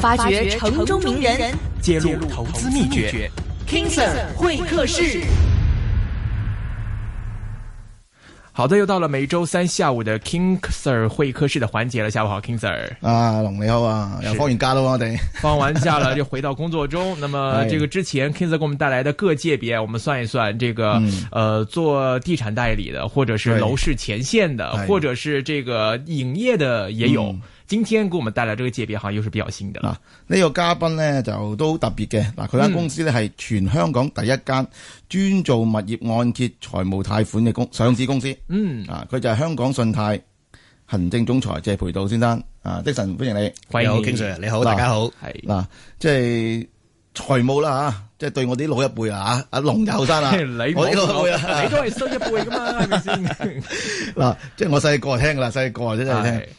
發掘城中名人，揭露投資秘訣。秘 King Sir 會客室。好的，又到了每周三下午的 King Sir 會客室的環節了。下午好，King Sir。啊，龍你好啊，又是放完假了，我哋放完假了，就回到工作中。 那麼，這個之前 King Sir 給我們帶來的各界別，我們算一算，這個呃，嗯、做地產代理的，或者是樓市前線的，對或者是這個影業的，也有。嗯今天給我們帶來這個界別好似又是比較新的啦。呢、啊這個嘉賓呢，就都特別嘅，嗱佢間公司呢，係、嗯、全香港第一間專做物業按揭財務貸款嘅公上市公司。嗯，啊佢就係香港信貸行政總裁謝培道先生。啊，Dixon 歡迎你，你好迎，經常你好，大家好。係嗱、啊，即係財務啦吓、啊，即、就、係、是、對我哋老一輩啊，阿、啊、龍又後生啊， 某我的老一輩啊， 你都係新一輩噶嘛，係咪先？嗱、就是，即係我細個就聽噶啦，細個真真係聽。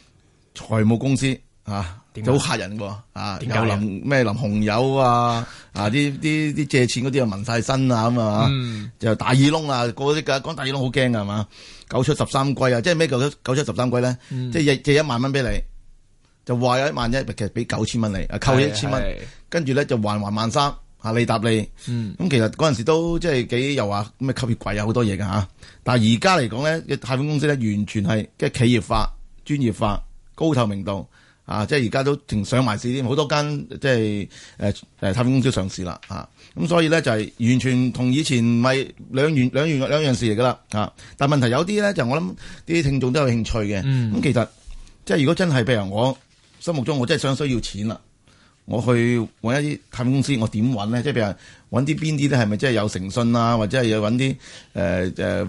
財務公司啊，好吓人噶啊，有淋咩淋紅油啊, 啊,啊，啊啲啲啲借錢嗰啲啊，紋晒身啊咁啊，就大耳窿啊，嗰啲噶講大耳窿好驚啊，係嘛，九出十三歸啊，即係咩九出九出十三歸咧？即係、嗯、借借一萬蚊俾你，就話有一萬一，其實俾九千蚊你是啊，扣一千蚊，跟住咧就還還萬三啊，利搭利咁。其實嗰陣時都即係幾又話咩吸血鬼啊，好多嘢噶吓。但係而家嚟講咧嘅貸款公司咧，完全係即係企業化、專,專業化。高透明度啊，即係而家都停上埋市添，好多間即係誒誒，貸款、呃、公司上市啦啊！咁所以咧就係、係、完全同以前咪兩元兩元兩樣事嚟噶啦啊！但問題有啲咧就我諗啲聽眾都有興趣嘅，咁、嗯啊、其實即係如果真係譬如我心目中我真係想需要錢啦，我去搵一啲貸款公司，我點搵咧？即係譬如搵啲邊啲咧係咪真係有誠信啊？或者係要搵啲誒誒。呃呃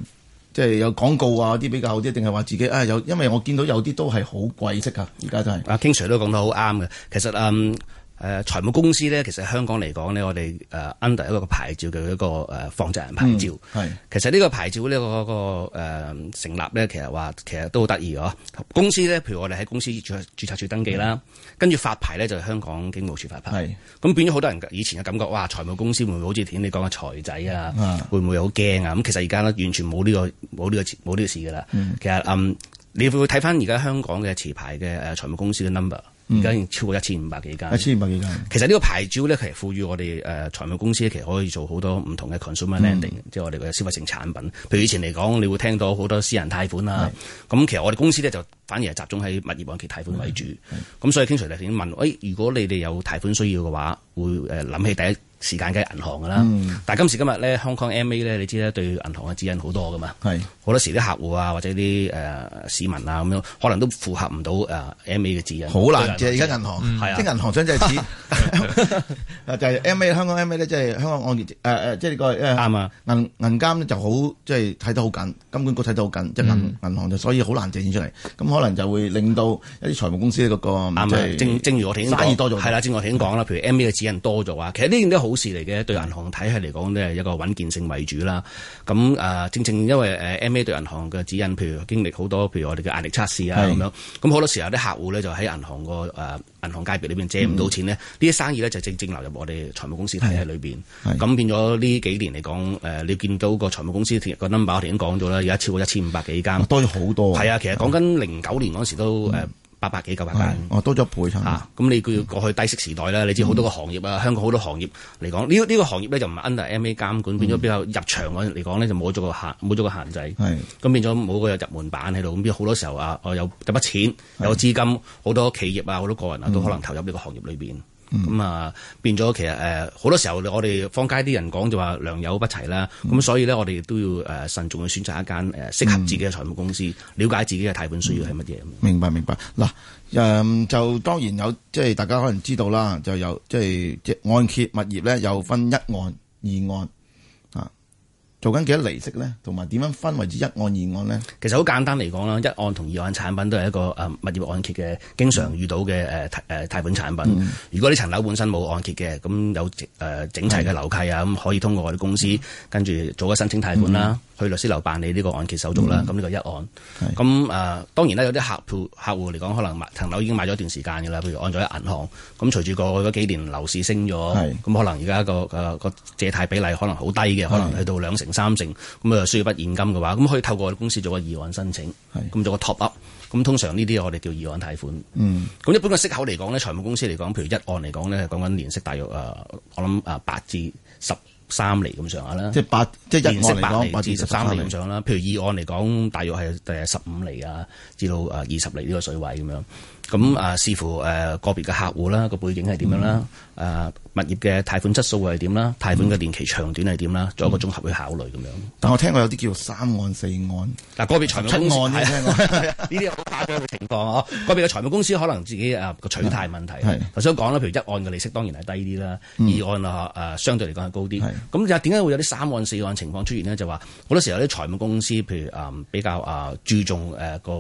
即係有廣告啊啲比較好啲？定係話自己啊、哎、有，因為我見到有啲都係好貴式啊。而家都係。阿 King Sir 都講得好啱嘅，其實嗯。嗯誒、呃、財務公司咧，其實香港嚟講咧，我哋誒、呃、under 一個牌照嘅一個誒放債人牌照。嗯、其實呢個牌照呢、呢個、呢個、呃、成立咧，其實話其實都好得意啊。公司咧，譬如我哋喺公司註註冊處登記啦，跟住、嗯、發牌咧就係、是、香港警務處發牌。咁是變咗好多人以前嘅感覺，哇！財務公司會唔會好似頭先你講嘅財仔啊？嗯、會唔會好驚啊？咁其實而家咧完全冇呢個冇呢個冇呢個事㗎啦。其實嗯，你會唔會睇翻而家香港嘅持牌嘅誒、呃、財務公司嘅 number。而家已經超過一千五百幾間，一千五百幾間，其實呢個牌照咧，其實賦予我哋誒財務公司咧，其實可以做好多唔同嘅 consumer lending、嗯、即係我哋嘅消費性產品。譬如以前嚟講，你會聽到好多私人貸款啦。咁是其實我哋公司咧就反而係集中喺物業按揭貸款為主，咁所以經常哋先問、哎，如果你哋有貸款需要嘅話，會誒諗起第一時間梗係銀行㗎啦。嗯、但今時今日咧香港 M A 咧，你知咧對銀行嘅指引好多㗎嘛。係好的多時啲客戶啊，或者啲誒、呃、市民啊咁樣，可能都符合唔到誒 M A 嘅指引。好難借。而家銀行係啊，即銀行想借錢就係 M A 香港 M A 咧，即係香港按揭即係個誒。啱、呃、啊，吧銀銀監就好，即係睇得好緊，金管局睇得好緊，即、就是、銀行就、嗯、所以好難借錢出嚟。咁可能就會令到一啲財務公司嗰、那個，嗯、是正正如我哋已經生意多咗，係啦，正如我已經講啦。譬如 M A 嘅指引多咗啊，其實呢件都好事嚟嘅，對銀行體系嚟講咧，一個穩健性為主啦。咁誒、呃，正正因為誒 M A 對銀行嘅指引，譬如經歷好多譬如我哋嘅壓力測試啊咁是的 樣，咁好多時候啲客戶咧就喺銀行個誒、呃、銀行界別裏邊借唔到錢呢，呢啲是的 生意咧就正正流入我哋財務公司體系裏邊。咁變咗呢幾年嚟講，誒、呃、你見到個財務公司個 number 我已經講咗啦，而家超過一千五百幾間，多咗好多。係啊，其實講緊零九年嗰時都誒八百、嗯、幾九百間，哦、啊、多咗一倍啦咁、啊、你佢要過去低息時代啦，你知好多個行業啊，嗯、香港好多行業嚟講，呢、這、呢、個這個行業咧就唔 under MA 監管，變咗比較入場嗰嚟講咧就冇咗個限，冇咗個限制，係咁、嗯、變咗冇個入門板喺度，咁變好多時候啊，我有入筆錢，有資金，好多企業啊，好多個人啊都可能投入呢個行業裏邊。咁啊，嗯、變咗其實誒好多時候，我哋放街啲人講就話良莠不齊啦。咁、嗯、所以呢，我哋都要誒慎重去選擇一間誒適合自己嘅財務公司，嗯、了解自己嘅貸款需要係乜嘢。明白明白。嗱，就當然有，即係大家可能知道啦，就有即係即係按揭物業咧，又分一按二按。做緊幾多利息咧？同埋點樣分為一案二案咧？其實好簡單嚟講啦，一案同二案產品都係一個誒物業按揭嘅經常遇到嘅誒誒貸款產品。嗯、如果呢層樓本身冇按揭嘅，咁有誒整齊嘅樓契啊，咁、嗯、可以通過我哋公司、嗯、跟住做一個申請貸款啦。嗯嗯去律師樓辦理呢個按揭手續啦，咁呢個一按，咁誒是、嗯，當然啦，有啲客戶客戶嚟講，可能買層樓已經買咗一段時間噶啦，譬如按咗喺銀行，咁隨住過去嗰幾年樓市升咗，咁是可能而家個誒個借貸比例可能好低嘅，可能去到兩成三成，咁啊是需要筆現金嘅話，咁可以透過公司做個二按申請，咁是做個 top up，咁通常呢啲我哋叫二按貸款，咁、嗯、一般嘅息口嚟講呢財務公司嚟講，譬如一按嚟講呢講緊年息大約誒，我諗誒八至十三厘咁上下啦，即係八，即係一按嚟講，八至十三釐咁上啦。譬如二按嚟講，大約係第十五厘啊，至到二十厘呢個水位咁樣。咁啊，視乎誒個別嘅客戶啦，個背景係點樣啦？誒物業嘅貸款質素係點啦？貸款嘅年期長短係點啦？做一個綜合去考慮咁樣。但我聽過有啲叫三按四按。嗱個別財務公司，呢啲係呢啲係好誇張嘅情況呵。個別嘅財務公司可能自己誒個取態問題，頭先講啦，譬如一按嘅利息當然係低啲啦，二按啊誒相對嚟講係高啲。咁就係點解會有啲三按四按情況出現呢？就話好多時候啲財務公司譬如比較啊注重誒個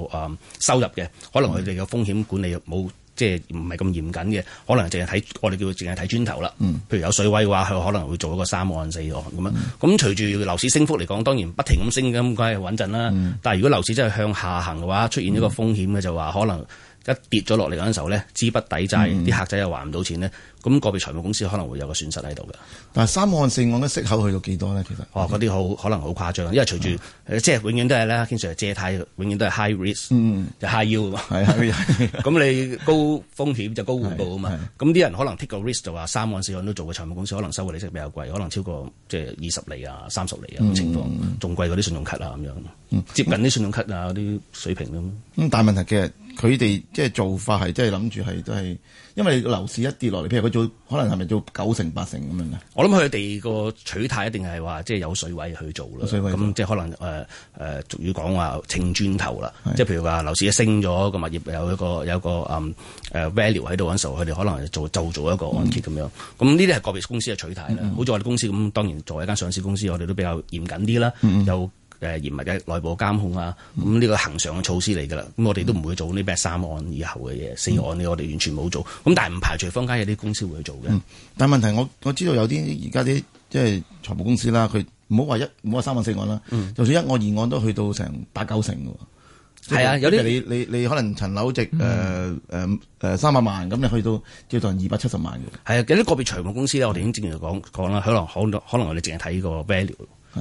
收入嘅，可能佢哋嘅風險。管理冇，即係唔係咁嚴謹嘅，可能淨係睇我哋叫淨係睇磚頭啦。嗯，譬如有水位嘅話，佢可能會做一個三按四按咁、嗯、樣。咁隨住樓市升幅嚟講，當然不停咁升，咁梗係穩陣啦。嗯、但係如果樓市真係向下行嘅話，出現一個風險嘅、嗯、就話，可能一跌咗落嚟嗰陣時候咧，資不抵債，啲、嗯、客仔又還唔到錢咧。咁個別財務公司可能會有個損失喺度嘅，但係三案四案嘅息口去到幾多呢？其實哦，嗰啲好可能好誇張，因為隨住、啊、即係永遠都係呢，經常係借貸，永遠都係 high risk、嗯、就 high yield 嘛。係啊， 咁 你高風險就高回報啊嘛。咁啲人可能 take 個 risk 就話三案四案都做嘅財務公司，可能收回利息比較貴，可能超過即係二十厘啊、三十厘啊咁情況，仲、嗯、貴嗰啲信用卡啊咁樣，嗯、接近啲信用卡啊嗰啲水平咯。咁、嗯嗯嗯、但係問題嘅係佢哋即做法係即係諗住係都係因為樓市一跌落嚟，譬如做可能係咪做九成八成咁樣？我諗佢哋個取態一定係話即係有水位去做啦。咁即係可能誒誒、呃呃，俗語講話稱磚頭啦。是即係譬如話樓市一升咗，個物業有一個有一個誒、呃、value 喺度嗰時候，佢哋可能就做就做一個按揭咁樣。咁呢啲係個別公司嘅取態啦。好似、嗯嗯、我哋公司咁，當然作為一間上市公司，我哋都比較嚴謹啲啦。又、嗯嗯。嘅嚴密嘅內部監控啊，咁呢個恒常嘅措施嚟噶啦，咁、嗯、我哋都唔會做呢咩三案以後嘅嘢。嗯、四案呢我哋完全冇做，咁但係唔排除坊間有啲公司會去做嘅、嗯。但問題我我知道有啲而家啲即係財務公司啦，佢唔好話一唔好話三案四案啦，嗯、就算一案二案都去到成八九成嘅。係啊，有啲你你你可能層樓值誒誒誒三百萬，咁你去到叫做二百七十萬嘅。係啊、嗯，有啲個別財務公司咧，我哋已經正前講講啦，可能可能我哋淨係睇個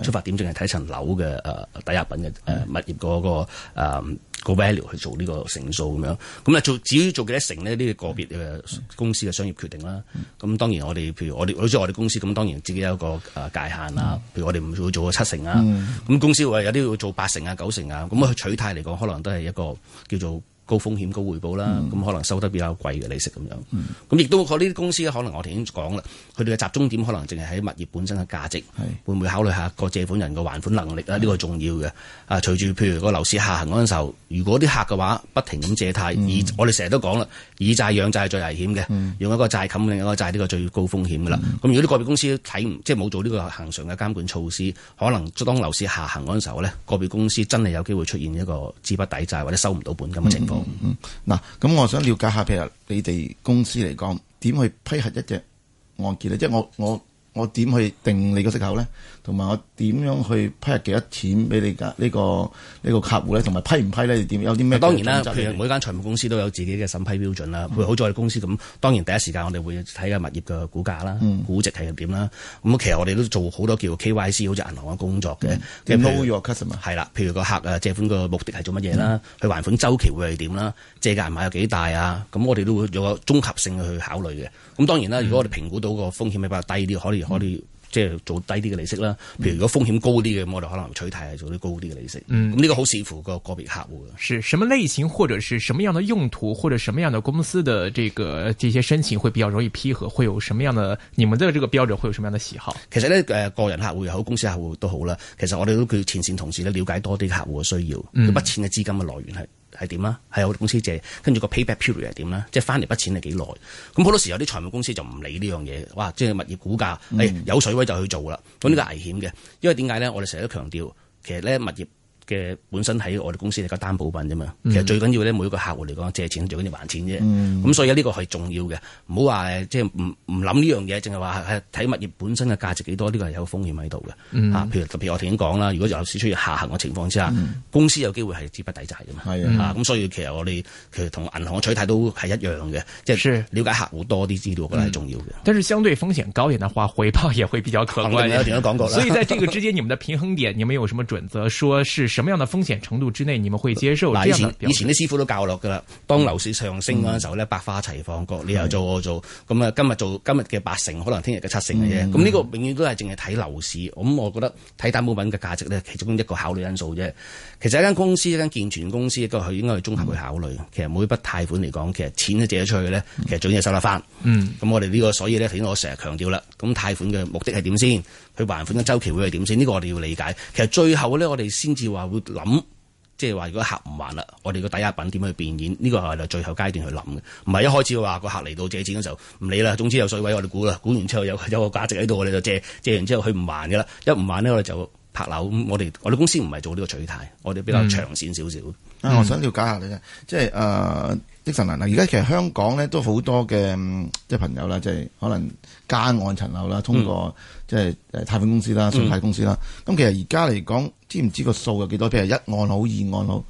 是出發點正係睇層樓嘅誒、呃、抵押品嘅誒、呃、的物業嗰個誒個 value 去做呢個成數咁樣，咁啊做至於做幾多成呢？呢個個別嘅公司嘅商業決定啦。咁當然我哋譬如我哋好似我哋公司咁，當然自己有一個界限啦。的譬如我哋唔會做七成啊，咁的公司會有啲要做八成啊、九成啊。咁啊取態嚟講，可能都係一個叫做。高風險高回報啦，咁、嗯、可能收得比較貴嘅利息咁樣，咁亦、嗯、都呢啲公司咧，可能我哋已經講啦，佢哋嘅集中點可能淨係喺物業本身嘅價值，是會唔會考慮下個借款人嘅還款能力咧？呢是個重要嘅。啊，隨住譬如個樓市下行嗰陣時候，如果啲客嘅話不停咁借貸、嗯，以我哋成日都講啦，以債養債係最危險嘅、嗯，用一個債冚另一個債呢個最高風險噶啦。咁、嗯、如果啲個別公司睇唔即係冇做呢個恆常嘅監管措施，可能當樓市下行嗰陣時候呢，個別公司真係有機會出現一個資不抵債或者收唔到本咁嘅情況。嗯嗯嗯，嗱，咁我想了解下，譬如你哋公司嚟講，點去批核一隻案件咧？即係我我我點去定你個息口咧？同埋我點樣去批入幾多錢俾你噶、這、呢個呢、呢個客戶咧？同埋批唔批咧？你點有啲咩？當然啦，其實每間財務公司都有自己嘅審批標準啦。嗯、譬如好似我哋公司咁，當然第一時間我哋會睇下物業嘅股價啦、估、嗯、值係點啦。咁其實我哋都做好多叫 KYC，好似銀行嘅工作嘅。係、嗯、啦，譬如個客啊，借款嘅目的係做乜嘢啦？佢還款周期會係點啦？借嘅銀碼有幾大啊？咁我哋都會有個綜合性去考慮嘅。咁當然啦，如果我哋評估到個風險比較低啲，可以可以、嗯。即係做低啲嘅利息啦，譬如如果風險高啲嘅，咁、嗯、我哋可能取替係做啲高啲嘅利息。嗯，咁呢個好視乎個個別客戶嘅。是什麼類型或者是什麼樣的用途或者什麼樣的公司嘅這個這些申請會比較容易批核？會有什麼樣的你們的這個標準？會有什麼樣的喜好？其實咧，誒，個人客戶又好，公司客戶都好啦。其實我哋都叫前線同事咧，了解多啲客戶嘅需要，嗯、筆錢嘅資金嘅來源係。係點啦？喺我哋公司借，跟住個 payback period 係點啦？即係翻嚟筆錢係幾耐？咁好多時有啲財務公司就唔理呢樣嘢，哇！即係物業估價，嗯哎，有水位就去做啦。咁呢個危險嘅，因為點解咧？我哋成日都強調，其實咧，物業嘅本身喺我哋公司嚟講擔保品啫嘛，其實最緊要咧每一個客戶嚟講借錢、嗯、最緊要還錢啫，咁、嗯嗯、所以呢個係重要嘅，唔好話即係唔唔諗呢樣嘢，淨係話睇物業本身嘅價值幾多，呢、這個係有風險喺度嘅。嗯、啊，譬如特別我頭先講啦，如果樓市出現下行嘅情況之下，嗯、公司有機會係資不抵債嘅嘛，嚇咁、嗯啊、所以其實我哋其實同銀行取貸都係一樣嘅，即係是了解客戶多啲資料，我覺得係重要嘅、嗯。但是相對風險高一點嘅話回報也會比較可觀嘅。點樣講講？所以喺呢個之間你們嘅平衡點，你們有什麼準則？說是。 什麼樣的風險程度之內，你們會接受？以前，以前啲師傅都教落噶啦。當樓市上升嗰陣時候咧，嗯、百花齊放，過你又做、嗯、我做，咁啊，今日做今日嘅八成，可能聽日嘅七成嘅啫。咁呢、嗯、個永遠都係淨係睇樓市。咁我覺得睇擔保品嘅價值呢，其中一個考慮因素啫。其實一間公司，一間健全公司，佢應該綜合去考慮。嗯、其實每一筆貸款嚟講，其實錢借咗出去咧，其實總要收得翻。咁、嗯、我哋呢，這個所以呢，我成日強調啦。咁貸款嘅目的係點先？佢還款嘅週期會係點先？呢、這個我哋要理解。其實最後呢，我哋先至話。就會諗，即係話如果客唔還啦，我哋個抵押品點去變現？呢個係最後階段去諗嘅，唔係一開始話個客嚟到借錢嘅時候唔理啦。總之有水位我哋估啦，估完之後有有個價值喺度，我哋就借，借完之後佢唔還噶啦，一唔還呢，我哋就拍樓。咁我哋，我哋公司唔係做呢個取態，我哋比較長線少少、嗯嗯啊。我想了解下你即係誒。呃即腎而家其實香港咧都好多嘅、嗯、即係朋友啦，即係可能加按層樓啦，通過、嗯、即係貸款公司啦、信貸公司啦。咁、嗯、其實而家嚟講，知唔知個數有幾多？譬如一按好、二按好，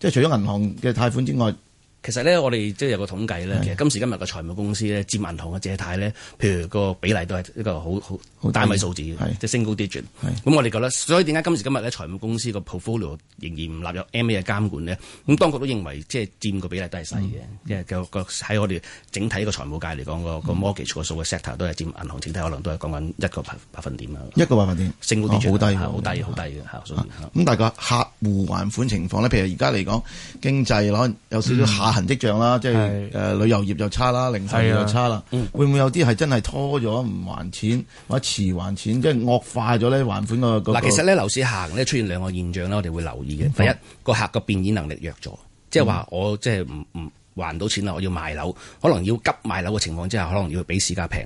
即係除咗銀行嘅貸款之外。其實咧，我哋即係有個統計咧。其實今時今日嘅財務公司咧，佔銀行嘅借貸咧，譬如個比例都係一個好好好單位數字嘅，即係 single digit，咁我哋覺得，所以點解今時今日咧財務公司個 portfolio 仍然唔立入 M A 嘅監管咧？咁當局都認為即係佔個比例都係細嘅，即係個喺我哋整體個個財務界嚟講個 mortgage 個數個 settle 都係佔銀行整體可能都係講緊一個百百分點啊。一個百分點 single digit，好低，好低，好低嘅嚇。咁，但係個客戶還款情況咧，譬如而家嚟講經濟攞有少少下行跡象啦，即係誒旅遊業就差啦，零售業又差啦，啊嗯、會唔會有啲係真係拖咗唔還錢或者遲還錢，即係惡化咗咧還款、嗰個嗱，其實咧樓市行咧出現兩個現象咧，我哋會留意嘅。況第一個客個變現能力弱咗，即係話我即係唔唔還到錢啦，我要賣樓，可能要急賣樓嘅情況之下，可能要比市價平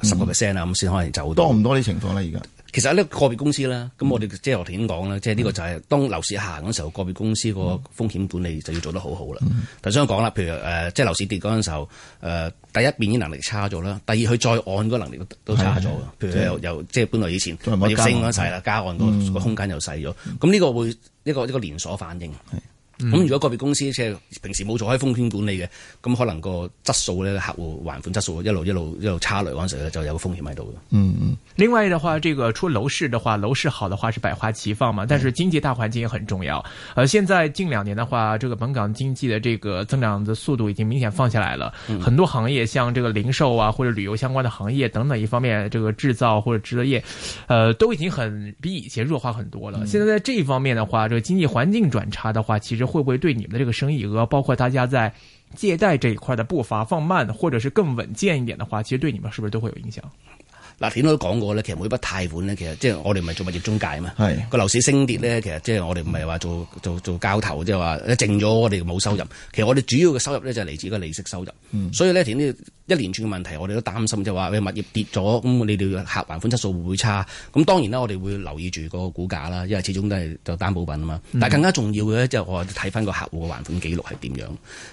誒十個 percent 啊咁先可能就多唔多啲情況咧，而家。其實喺呢個別公司啦，咁我哋即係我頭先講啦，即係呢個就係當樓市行嗰時候，個別公司個風險管理就要做得好好啦。頭先講啦，譬如誒，即係樓市跌嗰陣時候，誒、呃，第一變現能力差咗啦，第二佢再按嗰能力都差咗。的譬如又又即係本來以前我的要升嗰時啦，加按個個空間又細咗，咁呢的個會一個一個連鎖反應。咁、嗯、如果個別公司即係平時冇做開風險管理嘅，咁可能個質素咧，客戶還款質素一路一路一路差落嚟嗰陣時咧，就有個風險喺度。嗯嗯。另外的話，這個出樓市的話，樓市好的話是百花齊放嘛，但是經濟大環境也很重要。呃，現在近兩年的話，這個本港經濟的這個增長的速度已經明顯放下來了。很多行業像這個零售啊或者旅遊相關的行業等等一方面，這個製造或者製藥，呃，都已經很比以前弱化很多了。現在在這一方面的話，這個經濟環境轉差的話，其實。會不會對你們的這個生意額，包括大家在借貸這一塊的步伐放慢，或者是更穩健一點的話，其實對你們是不是都會有影響？阿田都講過咧，其實每筆貸款咧，其實即係我哋唔係做物業中介啊嘛，係個樓市升跌咧，其實即係我哋唔係話做做做交投，即係話一淨咗我哋冇收入，其實我哋主要嘅收入咧就係嚟自個利息收入，嗯，所以咧田呢？一連串嘅問題，我哋都擔心，就係話，你物業跌咗，咁你哋客還款質素會唔會差？咁當然啦，我哋會留意住個股價啦，因為始終都係就擔保品啊嘛。但係更加重要嘅咧，就係我睇翻個客戶嘅還款記錄係點樣。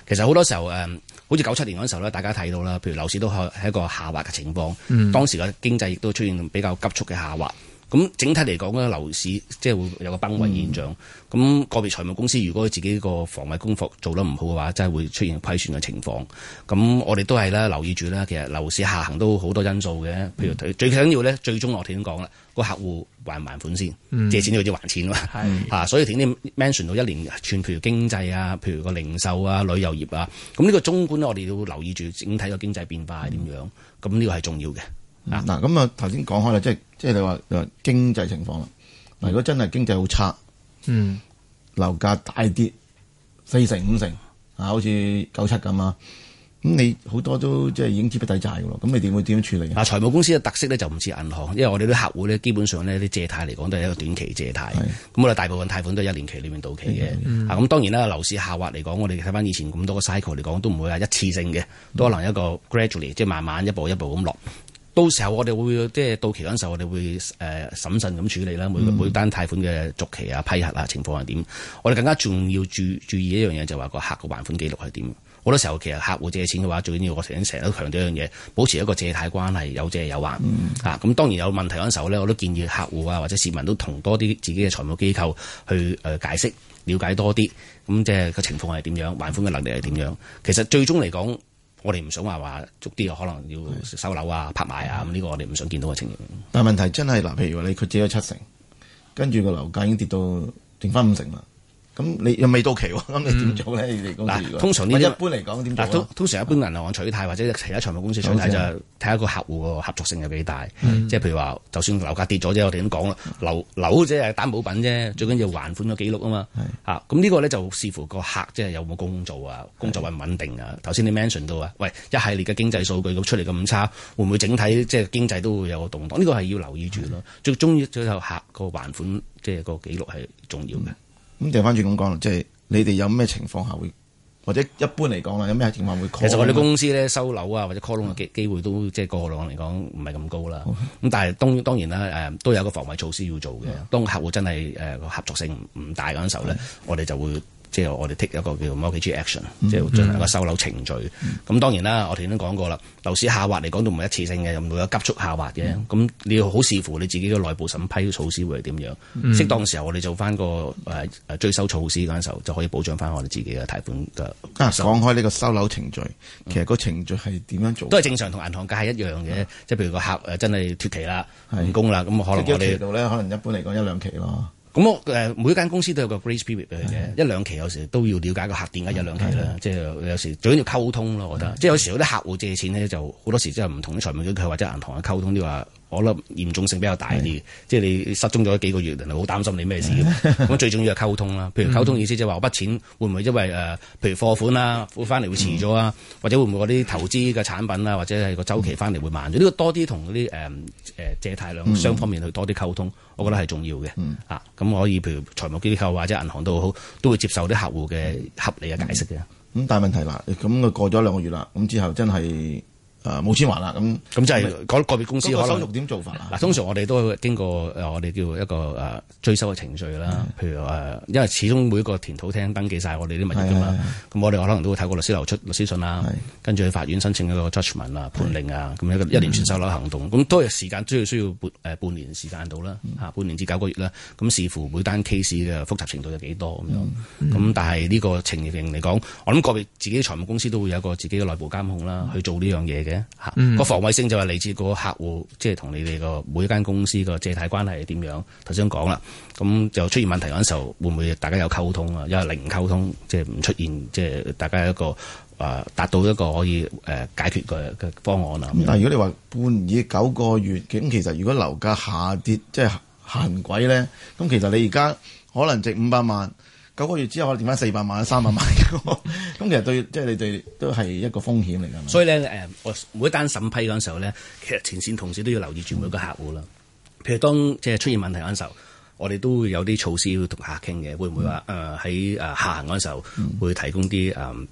其實好多時候誒，好似九七年嗰陣時候咧，大家睇到啦，譬如樓市都係係一個下滑嘅情況，當時嘅經濟亦都出現比較急速嘅下滑。咁整體嚟講咧，樓市即係會有個崩位現象。咁、嗯、個別財務公司如果自己個防衛功課做得唔好嘅話，真係會出現虧損嘅情況。咁我哋都係啦，留意住啦。其實樓市下行都好多因素嘅，譬如最最緊要咧，最終落點講啦，個客戶還唔還款先，借錢都要還錢啦。係啊、嗯， 是所以點先 mention 到一連串，譬如經濟啊，譬如個零售啊、旅遊業啊。咁呢個中觀我哋要留意住整體個經濟變化係點樣。咁呢、嗯、個係重要嘅。嗱咁啊，頭先講開啦，即係即係你話誒經濟情況啦。嗱，如果真係經濟好差，嗯，嗯，嗯、樓價大跌四成五成啊，好似九七咁啊，咁你好多都即係已經資不抵債噶咯。咁你點會點樣處理啊？財務公司嘅特色咧就唔似銀行，因為我哋啲客戶咧基本上呢啲借貸嚟講都係一個短期借貸，咁、嗯嗯、我哋大部分貸款都係一年期裏面到期嘅。咁、嗯嗯啊、當然啦，樓市下滑嚟講，我哋睇翻以前咁多個 cycle 嚟講，都唔會話一次性嘅，都可能一個 gradually，、嗯嗯、即係慢慢一步一步咁落。到時候我哋會即係到期嗰時候我哋會誒、呃、審慎咁處理啦。每每單貸款嘅續期啊、批核啊情況係點？嗯、我哋更加重要注注意一樣嘢，就係話個客個還款記錄係點。好多時候其實客戶借錢嘅話，最緊要我成日都強調一樣嘢，保持一個借貸關係有借有還、嗯、啊。咁當然有問題嗰時候咧，我都建議客戶啊或者市民都同多啲自己嘅財務機構去、呃、解釋，了解多啲咁即係個情況係點樣，還款嘅能力係點樣。其實最終嚟講。我哋唔想話話逐啲可能要收樓啊、拍賣啊，咁呢個我哋唔想見到嘅情形。但係問題真係嗱，譬如話你佢借咗七成，跟住個樓價已經跌到剩翻五成啦。咁你又未到期，咁你點做咧？嗯、你哋嗱，通常呢一一般嚟講點做？通常一般銀行取貸的或者其他財務公司取貸，就係睇下個客戶個合作性有幾大，的即係譬如話，就算樓價跌咗啫，我哋已都講啦，樓樓啫係擔保品啫，最緊要還款的、啊嗯這個記錄啊嘛。嚇咁呢個咧就視乎個客即係有冇工做啊，工作穩唔穩定啊？頭先的你 mention 到啊，喂，一系列嘅經濟數據咁出嚟咁差，會唔會整體即係經濟都會有個動盪？呢、這個係要留意住咯。的最中意最後客個還款即係個記錄係重要嘅。咁掉翻轉咁講啦，即係你哋有咩情況下會，或者一般嚟講啦，有咩情況下會？其實我哋公司咧收樓啊，或者 call loan 嘅機機會都即係是的 過往嚟講唔係咁高啦。咁是的 但係當當然啦、呃，都有個防衛措施要做嘅。是的 當客戶真係、呃、合作性唔唔大嗰陣時候咧，是的 我哋就會。即係我哋 take 一個叫 mortgage action、嗯、即係進行個收樓程序。咁、嗯、當然啦，我哋已經講過啦，樓市下滑嚟講都唔係一次性嘅，又唔會有急速下滑嘅。咁、嗯、你要好視乎你自己嘅內部審批措施會係點樣。嗯、適當時候我哋做翻個誒追收措施嗰陣時候，就可以保障翻我哋自己嘅貸款嘅。啊，講開呢個收樓程序，嗯、其實個程序係點樣做？都係正常，同銀行界係一樣嘅，即係、啊、譬如個客誒真係脫期啦，停的工啦，咁可能我哋度咧，可能一般嚟講一兩期咯。咁我誒每間公司都有個 grace period 俾佢嘅，一兩期有時都要了解個客點解一兩期啦，即係的有時的最緊要溝通咯，我覺得。的即係有時候啲客戶借錢咧，就好多時即係唔同啲財務佢或者銀行去溝通啲話。我諗嚴重性比較大啲，的即係你失蹤咗幾個月，人哋好擔心你咩事咁是的 最重要係溝通啦，譬如溝通意思就話，是，我筆錢會唔會因為誒、呃，譬如貨款啦，會翻嚟會遲咗啊？啊、嗯、或者會唔會我啲投資嘅產品啊，或者係個周期翻嚟會慢咗？呢、嗯、個多啲同嗰啲誒誒借貸量雙方面去多啲溝通，嗯、我覺得係重要嘅。嗯、啊，咁可以譬如財務機構或者銀行都好，都會接受啲客戶嘅合理嘅解釋嘅。咁但係問題啦，咁我過咗兩個月啦，咁之後真係。冇錢還啦，咁咁即係個個別公司可能收點做法啦？嗱，通常我哋都經過誒我哋叫一個誒追收嘅程序啦。譬如誒，因為始終每一個田土廳登記晒我哋啲物業㗎嘛，咁我哋可能都會睇過律師流出律師信啦，跟住去法院申請一個 judgment 啊判令啊，咁一個一年全收樓行動。咁多日時間都要需要半誒半年時間到啦，嚇半年至九個月啦。咁視乎每單 case 嘅複雜程度有幾多咁樣。咁但係呢個情形嚟講，我諗個別自己財務公司都會有一個自己嘅內部監控啦，去做呢樣嘢嘅。吓個、嗯、防衛性就係嚟自個客戶，即係同你哋個每一間公司個借貸關係係點樣頭先講啦。咁就出現問題嗰陣時候，會唔會大家有溝通啊？因為零溝通，即係唔出現，即、就、係、是、大家有一個誒達到一個可以誒解決嘅嘅方案啊。但係如果你話半年九個月，咁其實如果樓價下跌，即、就、係、是、限鬼咧，咁、嗯、其實你而家可能值五百萬。九個月之後我哋變翻四百萬、三百萬，咁其實對即係、就是、你哋都係一個風險嚟㗎嘛。所以咧、呃、我每一單審批嗰陣時候咧，其實前線同事都要留意住每個客戶啦。嗯、譬如當即係出現問題嗰陣時候，我哋都會有啲措施要同客傾嘅，會唔會話誒喺誒下行嗰陣時候會提供啲誒？呃嗯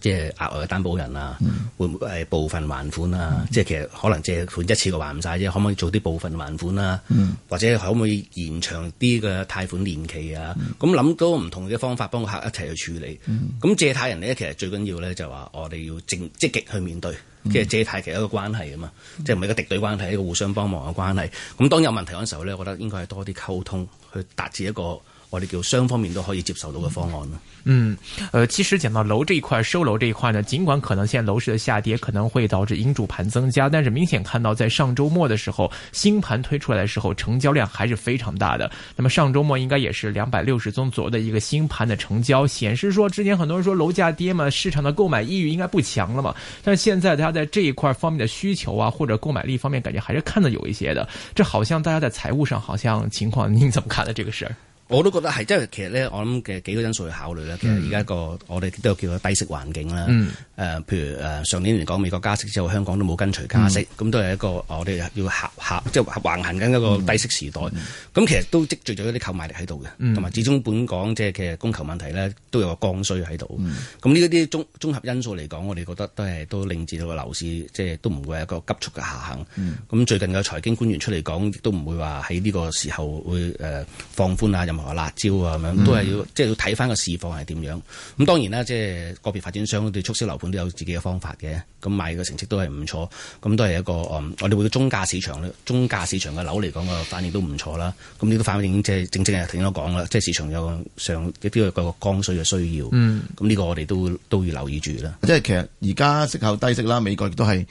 即係額外嘅擔保人啊，嗯、會唔會係部分還款啊？嗯、即係其實可能借款一次過還唔晒啫，可唔可以做啲部分還款啊？嗯、或者可唔可以延長啲嘅貸款年期啊？咁諗、嗯、到唔同嘅方法幫個客一齊去處理。咁借貸人呢，其實最緊要咧就係話我哋要正積極去面對，即係借貸嘅一個關係啊嘛，嗯、即係唔係一個敵對關係，係一個互相幫忙嘅關係。咁當有問題嗰陣時候咧，我覺得應該係多啲溝通去達至一個。我哋叫雙方面都可以接受到嘅方案呢。嗯，嗯，呃，其實講到樓這一塊，收樓這一塊呢，盡管可能現在樓市嘅下跌可能會導致業主盤增加，但是明顯看到在上周末的時候，新盤推出來的時候，成交量還是非常大的。那麼上周末應該也是兩百六十宗左右嘅一個新盤嘅成交，顯示說之前很多人說樓價跌嘛，市場的購買意欲應該不強了嘛，但現在大家在這一塊方面嘅需求啊，或者購買力方面，感覺還是看得有一些嘅。這好像大家在財務上好像情況，您怎麼看呢？這個事？我都覺得係，即係其實咧，我諗嘅幾個因素去考慮啦。其實而家個、嗯、我哋都有叫低息環境啦。誒、嗯呃，譬如上年嚟講，美國加息之後，香港都冇跟隨加息，咁、嗯、都係一個、哦、我哋要合合即係橫行緊一個低息時代。咁、嗯、其實都積聚咗一啲購買力喺度嘅，同埋、嗯、始終本港即係其實供求問題咧都有個剛需喺度。咁呢啲綜綜合因素嚟講，我哋覺得都係都令至到個樓市即係都唔會係一個急速嘅下行。咁、嗯、最近嘅財經官員出嚟講，亦都唔會話喺呢個時候會、呃、放寬啊辣椒啊，咁樣都係要，即係要睇翻個市況係點樣。咁當然啦，即係個別發展商對促銷樓盤都有自己嘅方法嘅。咁賣嘅成績都係唔錯。咁都係一個我哋會到中價市場中價市場嘅樓嚟講嘅反應都唔錯啦。咁呢個反應即係正正係停咗講啦，即係市場有上亦都有個剛需嘅需要。咁呢個我哋都都要留意住啦。即係其實而家息口低息啦，美國亦都係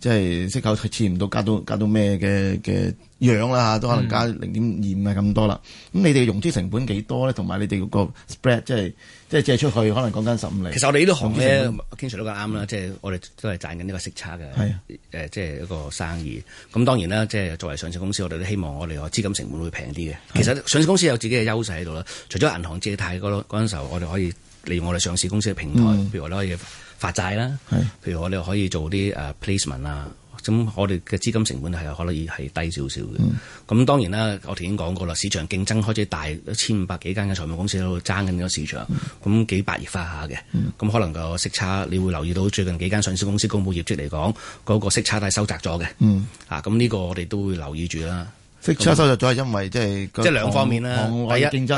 即係息口似唔到加到加到咩嘅嘅。樣啦都可能加零點二五係咁多啦。咁你哋嘅融資成本幾多咧？同埋你哋個 spread 即係即係借出去，可能講緊十五厘。其實我哋呢啲行業經常都講啱啦，即係我哋都係賺緊呢個息差嘅。係誒是、啊呃，即係一個生意。咁當然啦，即係作為上市公司，我哋都希望我哋個資金成本會平啲嘅。是啊、其實上市公司有自己嘅優勢喺度啦。除咗銀行借貸嗰嗰陣時候，我哋可以利用我哋上市公司嘅平台，譬、嗯、如我哋可以發債啦，譬是、啊、如我哋可以做啲誒、uh, placement 啦。咁我哋嘅資金成本係可能係低少少嘅，咁、嗯、當然啦，我頭先講過啦，市場競爭開始大，一千五百幾間嘅財務公司喺度爭緊個市場，咁、嗯、幾白熱化下嘅，咁、嗯、可能個息差你會留意到最近幾間上市公司公布業績嚟講，嗰、那個息差都係收窄咗嘅，嗯、啊，咁呢個我哋都會留意住啦。息差收入咗，係因為即係即係兩方面啦。第一，第一就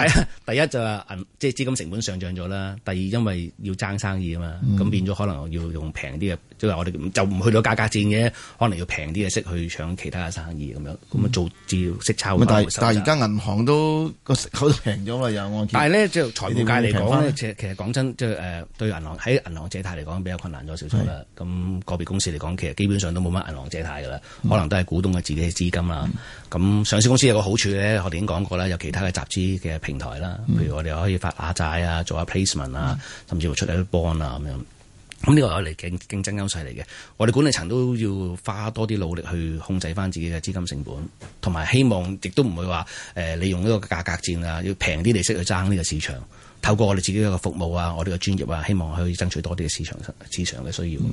係銀即係資金成本上漲咗啦。第二，因為要爭生意啊嘛，咁變咗可能要用平啲嘅，即係我哋就唔去到價格戰嘅，可能要平啲嘅息去搶其他嘅生意咁樣，咁啊做資料息差。但係但係而家銀行都個息都平咗嘛，又按。但係呢，即係財務界嚟講，其實其實講真，即係誒對銀行喺銀行借貸嚟講比較困難咗少少啦。咁個別公司嚟講，其實基本上都冇乜銀行借貸噶啦，可能都係股東嘅自己嘅資金啦。咁上市公司有個好處咧，我哋已經講過啦，有其他嘅集資嘅平台啦，譬如我哋可以發下債啊，做下 placement 啊，甚至乎出嚟啲 bond 啊咁樣。咁呢個係我哋競競爭優勢嚟嘅。我哋管理層都要花多啲努力去控制翻自己嘅資金成本，同埋希望亦都唔會話誒、呃、利用呢個價格戰啊，要平啲利息去爭呢個市場。透過我哋自己嘅服務啊，我哋嘅專業啊，希望可以爭取多啲嘅市場市場嘅需要咁樣。咁、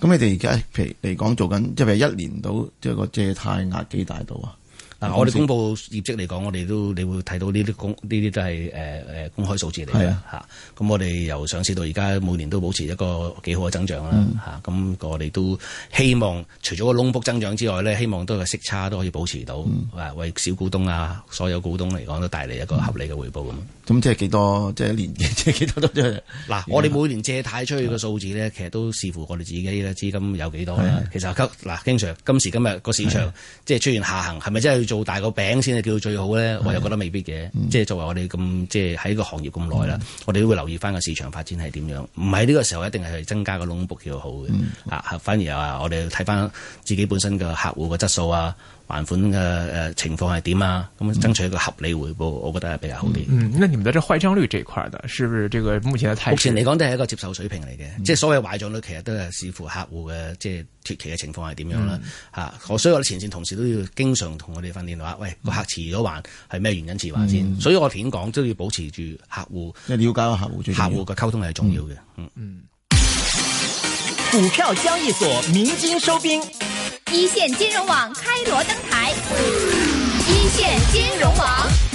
嗯、你哋而家譬如嚟講做緊，即、就、係、是、一年到即係個借貸額幾大到啊？嗱，我哋公布業績嚟講，我哋都你會睇到呢啲公呢啲都係誒公開數字嚟㗎嚇。咁我哋由上市到而家每年都保持一個幾好嘅增長啦嚇。咁我哋都希望除咗個隆幅增長之外呢，希望都有個息差都可以保持到，誒為小股東啊所有股東嚟講都帶嚟一個合理嘅回報咁。咁即係幾多？即係年即係幾多？嗱，我哋每年借貸出去嘅數字呢，其實都視乎我哋自己嘅資金有幾多。其實嗱，King Sir，今時今日個市場即係出現下行，係咪真係？做大個餅先至叫最好咧，我又覺得未必嘅。即係、嗯、作為我哋咁，即係喺呢個行業咁耐啦，嗯、我哋都會留意翻個市場發展係點樣。唔係呢個時候一定係增加個窿薄叫好嘅啊，嗯嗯、反而啊，我哋睇翻自己本身嘅客戶嘅質素啊。還款嘅誒情況係點啊？咁樣，爭取一個合理回報，我覺得係比較好啲。嗯，那你們在這壞賬率這一塊的，是不是這個目前的太？目前嚟講都係一個接受水平嚟嘅，嗯、即係所謂壞賬率其實都係視乎客戶嘅即係脫期嘅情況係點樣啦、啊。吓、嗯，啊、所以我所有前線同事都要經常同我哋訓練話，喂，個客遲咗還係咩原因遲還先？嗯、所以我點講都要保持住客戶。即係了解個客戶，客戶嘅溝通係重要嘅、嗯。嗯嗯。股票交易所明金收兵。一線金融網開鑼登台，一線金融網。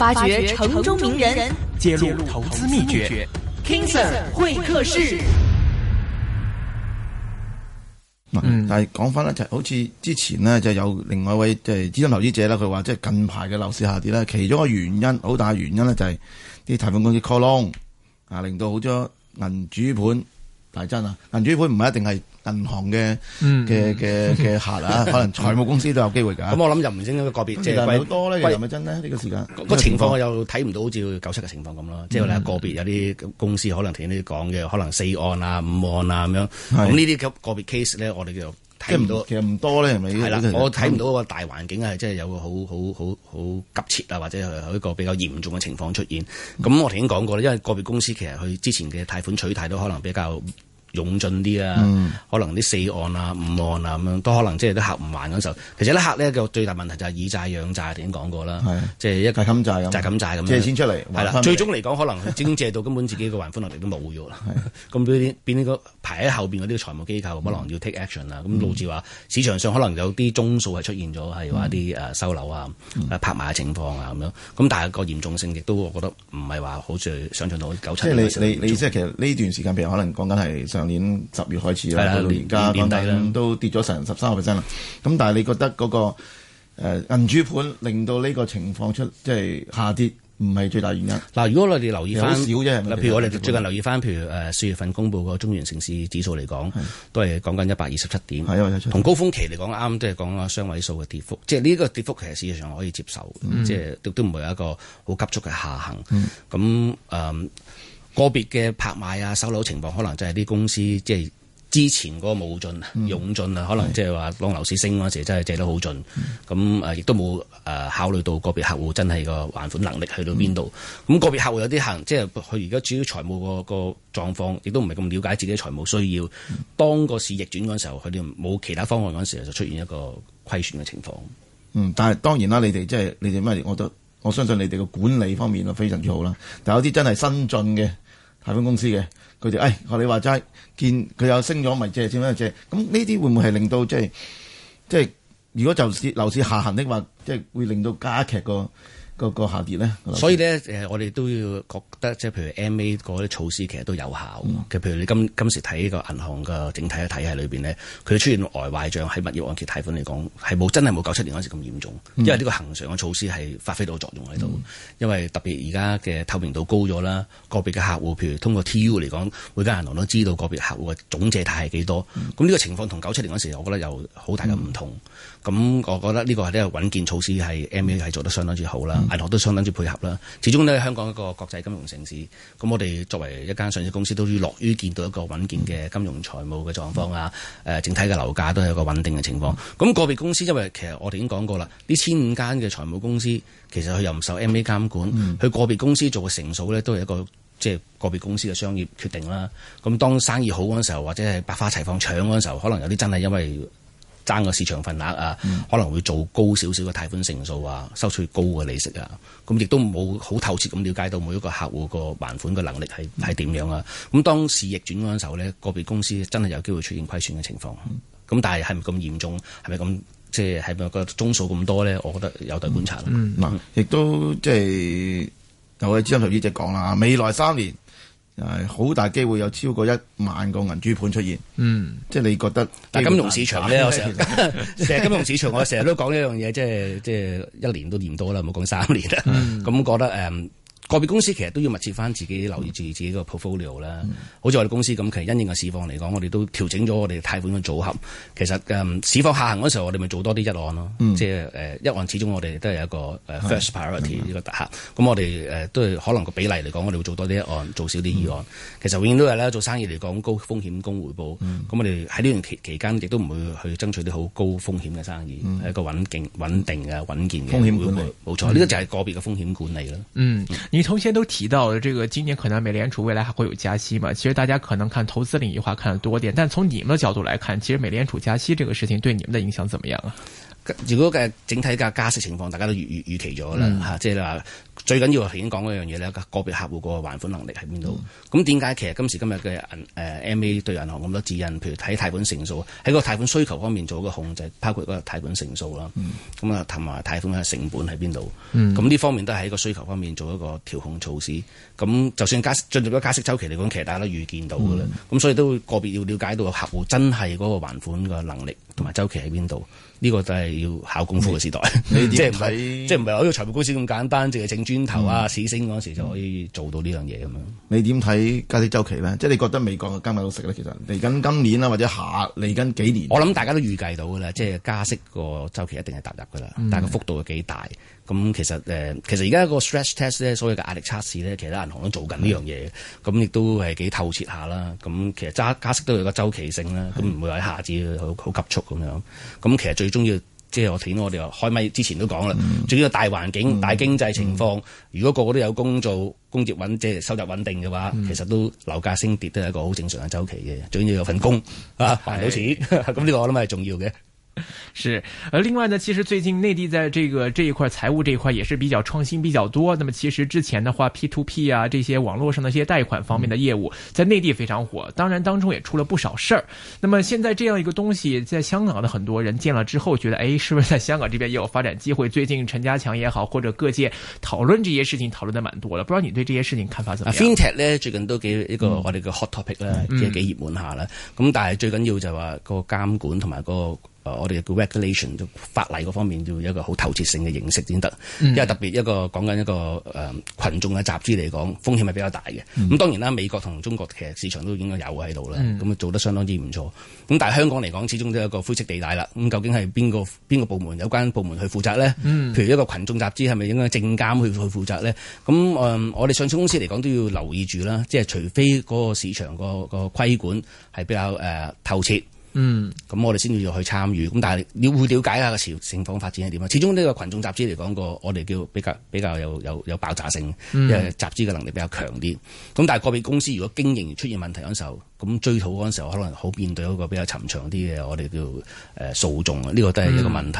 發掘城中，中名人，揭露投資秘訣。King Sir 會客室。嗱、嗯，但係講翻咧，就係、是、好似之前呢，就有另外一位即係資深投資者啦，佢話即係近排嘅樓市下跌咧，其中嘅原因，好大嘅原因咧就係啲貸款公司 collapse 啊，令到好多銀主盤。係真啊！銀主會唔係一定係銀行嘅嘅嘅嘅客啊，可能財務公司都有機會㗎。咁 我諗又唔先個個別 case 咪好多咧，又、就、咪、是、貴真咧呢貴個時間貴個情況貴我又睇唔到，好似九七嘅情況咁咯。即係咧個別有啲公司可能呢啲講嘅，可能四案啊、五案啊咁樣。咁呢啲級個別 case 咧，我哋叫做。睇唔到，其實唔多咧，係咪？係啦的，我睇唔到個大環境係即係有個好好好好急切啊，或者係有一個比較嚴重嘅情況出現。咁、嗯、我頭先講過啦，因為個別公司其實佢之前嘅貸款取替都可能比較。湧進啲啊，嗯、可能啲四案啊、五案啊咁樣，都可能即係都客唔還嗰時候，其實客呢客呢個最大問題就係以債養債，頭先講過啦，的即係一債冚架債咁，債咁借出嚟，啦，最終嚟講可能係借到根本自己個還款能力都冇咗啦，咁啲啲變呢、呢個排喺後面嗰啲財務機構可能要 take action 啦、嗯，咁導致話市場上可能有啲宗數係出現咗，係話啲收樓啊、嗯、拍賣嘅情況啊咁樣，咁但係個嚴重性亦都我覺得唔係話好似想像到九七。你你，你即係其實呢段時間譬如可能上年十月開始啦，啊、到而家咁都跌咗成十三個 percent 啦。咁但係你覺得嗰、那個誒、呃、銀主盤令到呢個情況出即係、就是、下跌，唔係最大原因？嗱，如果我哋留意翻，少啫。譬如我哋最近留意翻，譬如誒四、呃、月份公布個中原城市指數嚟講，是都係講緊一百二十七點，同高峰期嚟講，啱啱都係講雙位數嘅跌幅，即係呢個跌幅其實事實上可以接受，即係亦都唔會有一個好急速嘅下行。咁誒、嗯。個別嘅拍賣啊、收樓情況，可能就係啲公司即係、就是、之前嗰個冇盡、用盡啊，盡是可能即係話當樓市升嗰時，真係借得好盡，咁啊亦都冇誒、呃、考慮到個別客戶真係個還款能力去到邊度，咁、嗯、個別客戶有啲客，即係佢而家主要財務的、那個個狀況，亦都唔係咁了解自己嘅財務需要，嗯、當個市逆轉嗰陣時候，佢哋冇其他方案嗰陣時，就出現一個虧損嘅情況。嗯，但係當然啦，你哋即係你哋咩、就是？我覺得我相信你哋嘅管理方面啊非常之好啦，嗯、但有啲真係新進嘅。貸款公司嘅佢哋，誒學你話齋，見佢有升咗，咪借先咪借。咁呢啲會唔會係令到即係即係，如果就市樓市下行的話，即係會令到加劇個。個個下跌咧，所以咧我哋都要覺得，即係譬如 MA 嗰啲措施其實都有效。其實、嗯、譬如你今今時睇呢個銀行嘅整體嘅體系裏面咧，佢出現呆壞帳喺物業按揭貸款嚟講，係冇真係冇九七年嗰時咁嚴重，因為呢個恒常嘅措施係發揮到作用喺度。嗯、因為特別而家嘅透明度高咗啦，個別嘅客戶譬如通過 TU 嚟講，每間銀行都知道個別客戶嘅總借貸係幾多。咁呢、嗯、個情況同九七年嗰時，我覺得有好大嘅唔同。嗯咁我覺得呢個係呢個穩健措施係 M A 係做得相當之好啦，銀行都相當之配合啦。始終呢，香港一個國際金融城市，咁我哋作為一間上市公司，都於樂於見到一個穩健嘅金融財務嘅狀況啊。誒、嗯呃，整體嘅樓價都係一個穩定嘅情況。咁、嗯、個別公司，因為其實我哋已經講過啦，呢千五間嘅財務公司，其實佢又唔受 M A 監管，佢、嗯、個別公司做嘅成數呢，都係一個即係、就是、個別公司嘅商業決定啦。咁當生意好嗰陣時候，或者係百花齊放搶嗰陣時候，可能有啲真係因為。爭個市場份額啊，嗯、可能會做高少少嘅貸款成數啊，收取高嘅利息啊，咁亦都冇好透徹咁了解到每一個客戶個還款嘅能力係係點樣啊。咁、嗯、當市逆轉嗰陣時候呢，個別公司真係有機會出現虧損嘅情況。咁、嗯、但係係咪咁嚴重，係咪咁即係係咪個宗數咁多呢？我覺得有待觀察啦。亦都即係我哋資深投資者講啦，未來三年。好大機會有超過一萬個銀主盤出現，嗯，即係你覺得？但金融市場咧，慘我成成日金融市場，我成日都講呢樣嘢，即係即係一年都念多啦，唔好講三年啦。咁、嗯、覺得、um, 個別公司其實都要密切翻自己留意住自己個 portfolio 啦、嗯。好似我哋公司咁，其實因應個市況嚟講，我哋都調整咗我哋貸款嘅組合。其實嘅、嗯、市況下行嗰時候，我哋咪做多啲一案咯。即係誒一案，嗯是呃、一案始終我哋都係一個誒 first priority 呢個特客。咁我哋誒都係可能個比例嚟講，我哋會做多啲一,一案，做少啲二案。嗯、其實永遠都係啦，做生意嚟講，高風險高回報。咁、嗯、我哋喺呢段期期間，亦都唔會去爭取啲好高風險嘅生意，係、嗯、一個穩定穩定嘅穩健嘅風險管理。冇錯，呢個就係個別嘅風險管理啦。這個、理嗯。嗯你從先都提到了這個，今年可能美聯儲未來還會有加息嘛？其實大家可能看投資領域話看的多點，但從你們的角度來看，其實美聯儲加息這個事情對你們的影響怎麼樣啊？如果嘅整體嘅加息情況，大家都預預預期咗啦，即係你話最緊要已經講嗰樣嘢咧個別客戶個還款能力喺邊度？咁點解其實今時今日嘅 MA 對銀行咁多指引？譬如睇貸款成數，喺個貸款需求方面做一個控制，就係包括個貸款成數啦。咁啊、嗯，同埋貸款嘅成本喺邊度？咁呢、嗯、方面都係喺個需求方面做一個調控措施。咁就算加進入咗加息周期嚟講，其實大家都預見到噶啦。咁、嗯、所以都個別要了解到個客戶真係嗰個還款嘅能力同埋周期喺邊度。呢個就係要考功夫嘅時代，即係唔係即係唔係好似財務公司咁簡單，淨係整磚頭啊、屎星嗰陣時就可以做到呢樣嘢咁樣。你點睇加息周期咧？嗯、即係你覺得美國嘅加密好食咧？其實嚟緊今年啦，或者下嚟緊幾年，我諗大家都預計到嘅啦。即係加息個周期一定係踏入嘅啦，嗯、但係個幅度有幾大？咁其實誒，其實而家個 stress test 咧，所謂嘅壓力測試咧，其他銀行都做緊呢樣嘢，咁亦都係幾透徹下啦。咁其實加加息都有個周期性啦，咁唔會話一下子好好急促咁樣。咁其實最重要，即係我睇我哋開咪之前都講啦，嗯嗯最重要大環境、大經濟情況。嗯嗯如果個個都有工做、工業穩，即係收入穩定嘅話，嗯嗯其實都樓價升跌都係一個好正常嘅周期嘅。最重要有份工、嗯、啊，還到錢，咁呢個我諗係重要嘅。是，而，另外呢，其實最近內地在這個這一塊財務這一塊也是比較創新比較多。那麼其實之前的話，P2P 啊，這些網絡上的一些貸款方面的業務，在內地非常火。當然當中也出了不少事兒。那麼現在這樣一個東西，在香港的很多人見了之後，覺得哎，是不是在香港這邊也有發展機會？最近陳家強也好，或者各界討論這些事情，討論的蠻多了。不知道你對這些事情看法怎麼樣？FinTech、啊、最近都給一個我哋嘅 hot topic 啦、嗯，即係幾熱門下啦。咁、嗯嗯、但係最緊要就話個監管同埋、那個。啊、我哋嘅 regulation 法例嗰方面要有一個好透徹性嘅認識先得，嗯、因為特別一個講緊一個誒、呃、群眾嘅集資嚟講風險係比較大嘅。咁、嗯、當然啦，美國同中國其實市場都應該有喺度啦，咁啊、嗯、做得相當之唔錯，咁但係香港嚟講始終都係一個灰色地帶啦。咁、嗯、究竟係邊個邊個部門有關部門去負責咧？嗯、譬如一個群眾集資係咪應該證監去去負責咧？咁、呃、我哋上市公司嚟講都要留意住啦。即係除非嗰個市場個、個規管係比較誒透徹。呃嗯，咁我哋先至要去參與，咁但係你會了解下個情情況發展係點啊？始終呢個群眾集資嚟講個，我哋叫比較比較有有有爆炸性，嗯、因為集資嘅能力比較強啲。咁但係個別公司如果經營出現問題嗰陣時候，咁追討嗰陣時候，可能好面對一個比較沉長長啲嘅我哋叫誒訴訟啊，呢、呢個都係一個問題。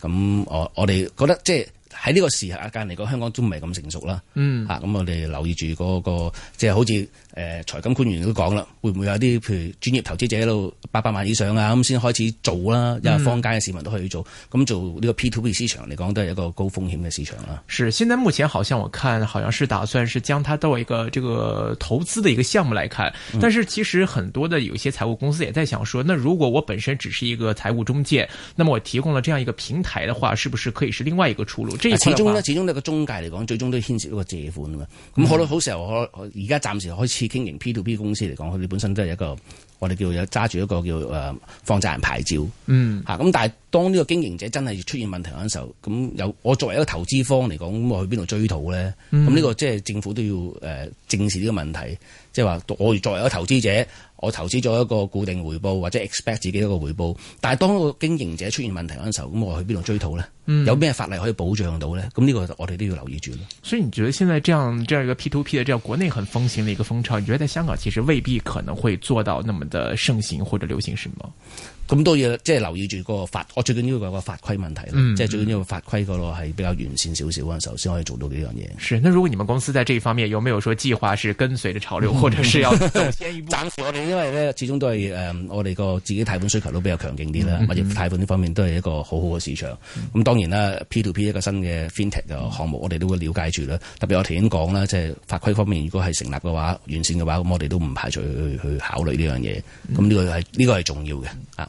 咁、嗯、我我哋覺得即係。喺呢時候，刻間嚟講，香港都唔係咁成熟啦。嗯，嚇咁、啊、我哋留意住嗰、那個，即、就、係、是、好似誒財金官員都講啦，會唔會有啲譬如專業投資者喺度八百萬以上啊咁先開始做啦、啊，因為坊間嘅市民都可以做，咁、嗯、做呢個 P2P 市場嚟講都係一個高風險嘅市場啦。是，現在目前好像我看，好像是打算是將它到一個這個投資嘅一個項目嚟看，但是其實很多的有些財務公司也在想，說，那如果我本身只是一個財務中介，那麼我提供了這樣一個平台的話，是不是可以是另外一個出路？即係始終咧，始終咧個中介嚟講，最終都牽涉一個借款㗎嘛。咁好多好時候，可而家暫時開始經營 P to P 公司嚟講，佢哋本身都係一個，我哋叫有揸住一個叫誒放債人牌照。嗯，吓咁但係。當呢個經營者真係出現問題嗰陣時候，咁有我作為一個投資方嚟講，咁我去邊度追討咧？咁呢、嗯、個即係政府都要、呃、正視呢個問題，即係話我作為一個投資者，我投資咗一個固定回報或者 expect 自己一個回報，但係當那個經營者出現問題嗰陣時候，咁我去邊度追討咧？嗯、有咩法例可以保障到咧？咁呢個我哋都要留意住咯。所以，你覺得現在這樣這樣一個 P two P 嘅這樣國內很風行嘅一個風潮，你覺得在香港其實未必可能會做到那麼的盛行或者流行什麼，是嗎？咁都要即係留意住個法，我最緊要個個法規問題即係最緊要法規個咯，係比較完善少少，首先可以做到呢樣嘢。是，那如果你們公司在這方面有沒有說計劃是跟隨着潮流，或者是要先一步？暫時，我哋因為呢始終都係我哋個自己貸款需求都比較強勁啲啦，或者貸款呢方面都係一個好好嘅市場。咁當然啦，P2P 一個新嘅 FinTech 嘅項目，我哋都會了解住啦。特別我頭先講啦，即係法規方面，如果係成立嘅話、完善嘅話，咁我哋都唔排除去去考慮呢樣嘢。咁呢個係呢個係重要嘅啊。